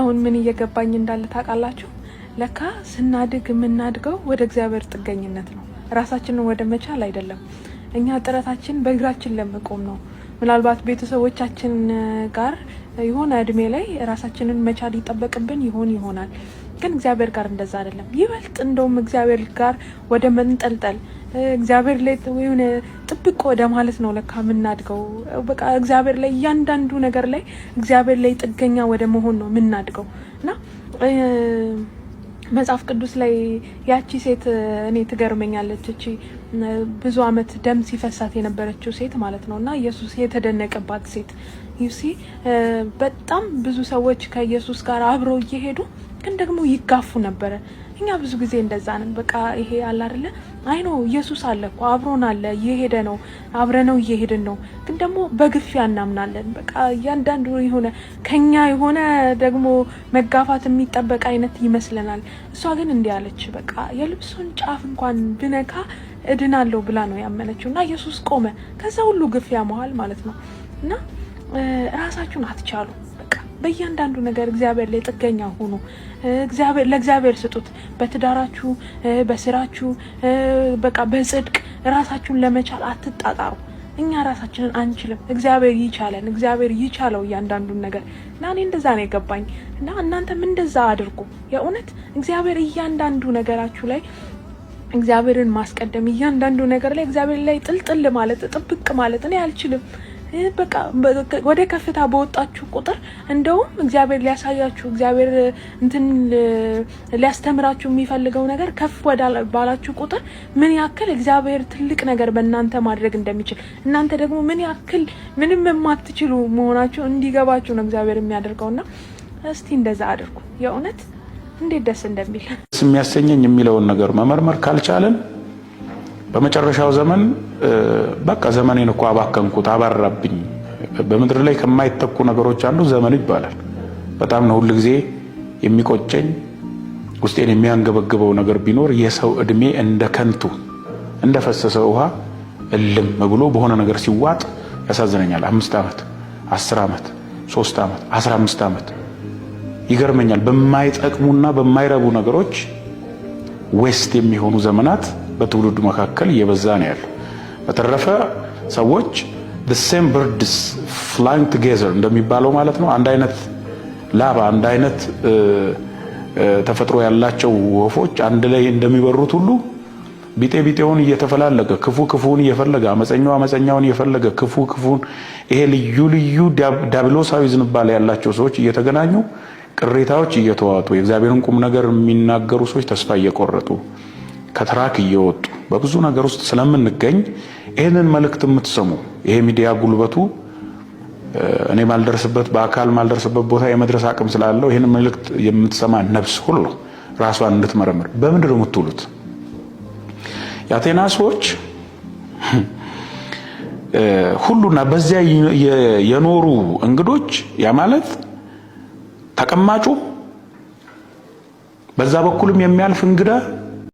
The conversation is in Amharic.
አሁን ምን እየገባኝ እንዳለ ታውቃላችሁ? ለካ ስናድግ የምናድገው ወደ እግዚአብሔር ጥገኝነት ነው፣ ራሳችንን ወደ መቻል አይደለም። እኛ ጥረታችን በእግራችን ለመቆም ነው። ምናልባት ቤተሰቦቻችን ጋር የሆነ እድሜ ላይ ራሳችንን መቻል ይጠበቅብን ይሆን ይሆናል፣ ግን እግዚአብሔር ጋር እንደዛ አይደለም። ይበልጥ እንደውም እግዚአብሔር ጋር ወደ መንጠልጠል እግዚአብሔር ላይ የሆነ ጥብቅ ወደ ማለት ነው ለካ የምናድገው። በቃ እግዚአብሔር ላይ እያንዳንዱ ነገር ላይ እግዚአብሔር ላይ ጥገኛ ወደ መሆን ነው የምናድገው እና መጽሐፍ ቅዱስ ላይ ያቺ ሴት እኔ ትገርመኛለች። እቺ ብዙ አመት ደም ሲፈሳት የነበረችው ሴት ማለት ነው እና ኢየሱስ የተደነቀባት ሴት ዩሲ በጣም ብዙ ሰዎች ከኢየሱስ ጋር አብረው እየሄዱ ግን ደግሞ ይጋፉ ነበረ። እኛ ብዙ ጊዜ እንደዛ ነን። በቃ ይሄ አለ አይደለ? አይ ነው ኢየሱስ አለ እኮ አብሮን አለ እየሄደ ነው አብረ ነው እየሄድን ነው። ግን ደግሞ በግፊያ እናምናለን። በቃ እያንዳንዱ የሆነ ከኛ የሆነ ደግሞ መጋፋት የሚጠበቅ አይነት ይመስለናል። እሷ ግን እንዲህ አለች። በቃ የልብሱን ጫፍ እንኳን ብነካ እድናለሁ ብላ ነው ያመነችው እና ኢየሱስ ቆመ ከዛ ሁሉ ግፊያ መሀል ማለት ነው እና ራሳችሁን አትቻሉ። በእያንዳንዱ ነገር እግዚአብሔር ላይ ጥገኛ ሆኑ። ለእግዚአብሔር ስጡት። በትዳራችሁ፣ በስራችሁ፣ በቃ በጽድቅ ራሳችሁን ለመቻል አትጣጣሩ። እኛ ራሳችንን አንችልም። እግዚአብሔር ይቻለን። እግዚአብሔር ይቻለው እያንዳንዱን ነገር እና እኔ እንደዛ ነው የገባኝ እና እናንተም እንደዛ አድርጉ። የእውነት እግዚአብሔር እያንዳንዱ ነገራችሁ ላይ እግዚአብሔርን ማስቀደም እያንዳንዱ ነገር ላይ እግዚአብሔር ላይ ጥልጥል ማለት ጥብቅ ማለት እኔ አልችልም። በቃ ወደ ከፍታ በወጣችሁ ቁጥር እንደውም እግዚአብሔር ሊያሳያችሁ እግዚአብሔር እንትን ሊያስተምራችሁ የሚፈልገው ነገር ከፍ ወዳባላችሁ ቁጥር ምን ያክል እግዚአብሔር ትልቅ ነገር በእናንተ ማድረግ እንደሚችል እናንተ ደግሞ ምን ያክል ምንም የማትችሉ መሆናችሁ እንዲገባችሁ ነው እግዚአብሔር የሚያደርገውና እስቲ እንደዛ አድርጉ። የእውነት እንዴት ደስ እንደሚል የሚያሰኘኝ የሚለውን ነገር መመርመር ካልቻለን በመጨረሻው ዘመን በቃ ዘመኔን እኮ አባከንኩት፣ አባራብኝ። በምድር ላይ ከማይተኩ ነገሮች አንዱ ዘመን ይባላል። በጣም ነው ሁል ጊዜ የሚቆጨኝ ውስጤን የሚያንገበግበው ነገር ቢኖር የሰው እድሜ እንደ ከንቱ እንደ ውሃ እልም ብሎ በሆነ ነገር ሲዋጥ ያሳዝነኛል። አምስት ዓመት፣ አስር ዓመት፣ ሶስት ዓመት፣ አስራ አምስት ዓመት ይገርመኛል። በማይጠቅሙና በማይረቡ ነገሮች ዌስት የሚሆኑ ዘመናት በትውልዱ መካከል እየበዛ ነው ያለው። በተረፈ ሰዎች ሴም ብርድስ ፍላይንግ ቱጌዘር እንደሚባለው ማለት ነው። አንድ አይነት ላባ፣ አንድ አይነት ተፈጥሮ ያላቸው ወፎች አንድ ላይ እንደሚበሩት ሁሉ ቢጤ ቢጤውን እየተፈላለገ ክፉ ክፉውን እየፈለገ አመፀኛው አመፀኛውን እየፈለገ ክፉ ክፉን ይሄ ልዩ ልዩ ዳብሎሳዊ ዝንባሌ ያላቸው ሰዎች እየተገናኙ ቅሬታዎች እየተዋጡ የእግዚአብሔርን ቁም ነገር የሚናገሩ ሰዎች ተስፋ እየቆረጡ ከትራክ እየወጡ በብዙ ነገር ውስጥ ስለምንገኝ ይህንን መልእክት የምትሰሙ ይሄ ሚዲያ ጉልበቱ እኔ ማልደርስበት በአካል ማልደርስበት ቦታ የመድረስ አቅም ስላለው ይህን መልእክት የምትሰማ ነፍስ ሁሉ ራሷን እንድትመረምር በምንድን ነው የምትውሉት? የአቴና ሰዎች ሁሉና በዚያ የኖሩ እንግዶች ያ ማለት ተቀማጩ በዛ በኩልም የሚያልፍ እንግዳ